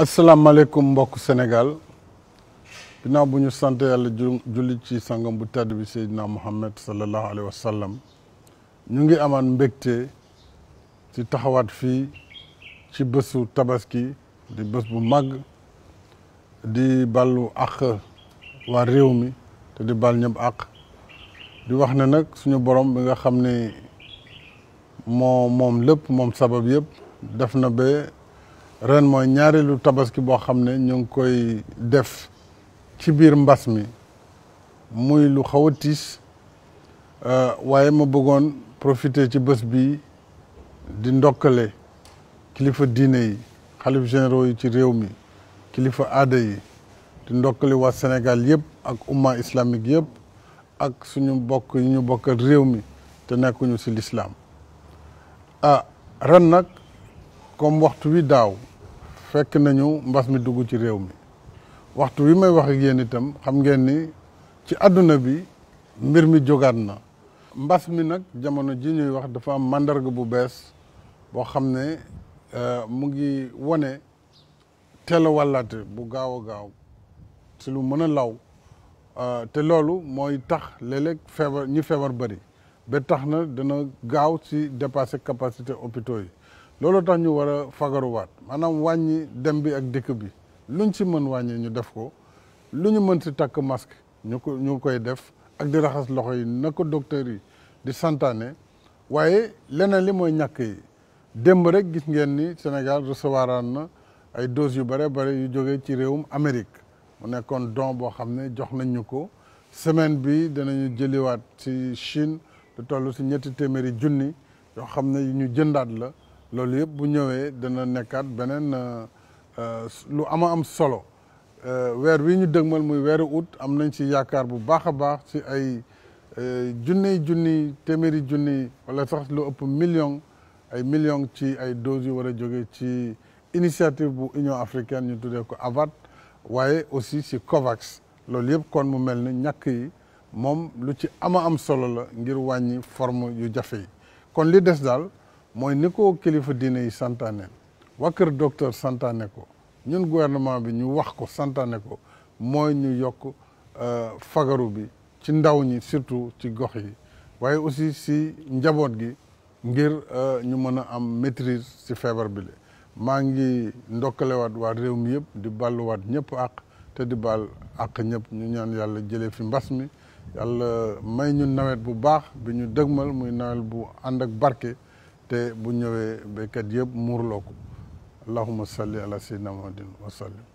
asalaamaaleykum mbokk Sénégal ginnaaw bu ñu sante yàlla jullit ci sangam bu tedd bi Seydina Muhammad sallallahu alayhi wa sallam ñu ngi amaan mbégte ci taxawaat fii ci bésu tabaski di bës bu màgg di ballu àq waa réew mi te di bal ñëpp àq di wax na nag suñu borom bi nga xam ne moo moom lépp moom sabab yëpp def na ba ren mooy ñaareelu tabaski boo xam ne ñu ngi koy def ci biir mbas mi muy lu xaw a tiis euh, waaye ma bëggoon profiter ci bës bi di ndokkale kilifa diine yi xalif généraux yi ci réew mi kilifa aada yi di ndokkale waa Sénégal yëpp ak umma islamique yëpp ak suñu bokk yi ñu bokkal réew mi te nekkuñu si lislaam ah ren nag comme waxtu wi daaw fekk nañu mbas mi dugg ci réew mi waxtu wi may wax ak yéen itam xam ngeen ni ci àdduna bi mbir mi jógaat na mbas mi nag jamono ji ñuy wax dafa am màndarga bu bees boo xam ne euh, mu ngi wane teel bu gaaw a gaaw si lu mën a law euh, te loolu mooy tax léeg-léeg feebar ñi feebar bëri ba tax na dana gaaw si dépasser capacité hôpitaux yi loolu tax ñu war a fagaruwaat maanaam wàññi dem bi ak dikk bi luñ si mën wàññi ñu def ko lu ñu mën ci takk masque ñu ko ñu koy def ak di raxas loxo yi na ko docteur yi di santaane waaye leneen li mooy ñàkk yi démb rek gis ngeen ni Sénégal recevoir na ay doses yu bare bare yu jógee ci réewum Amérique mu nekkoon don boo xam ne jox nañ ñu ko semaine bi danañu jëliwaat ci Chine lu toll si ñetti téeméeri junni yoo xam ne ñu jëndaat la loolu yëpp bu ñëwee dana nekkaat beneen euh, euh, lu ama am solo euh, weer wi ñu dëgmal muy weeru août am nañ ci yaakaar bu baax a baax si ay junniy junni téeméeri junni wala sax lu ëpp million ay million ci ay doses yu war a jóge ci initiative bu Union africaine ñu tuddee ko AVAT waaye aussi si COVAX loolu yëpp kon mu mel ni ñàkk yi moom lu ci ama am solo la ngir wàññi forme yu jafe yi kon li des daal mooy ni ko kilifa diine yi santaane waa kër docteur santaane ko ñun gouvernement bi ñu wax ko santaane ko mooy ñu yokk euh, fagaru bi ci ndaw ñi surtout ci gox yi waaye aussi si njaboot gi ngir euh, ñu mën a am maîtrise si feebar bi la maa ngi ndokkalewaat waa réew mi yëpp di balluwaat ñëpp àq te di baal àq ñëpp ñu ñaan yàlla jëlee fi mbas mi yàlla may ñu nawet bu baax bi ñu dëgmal muy nawet bu ànd ak barke te bu ñëwee béykat yëpp muurloo ko allahuma salli ala sayyidina muhammadin wa sallim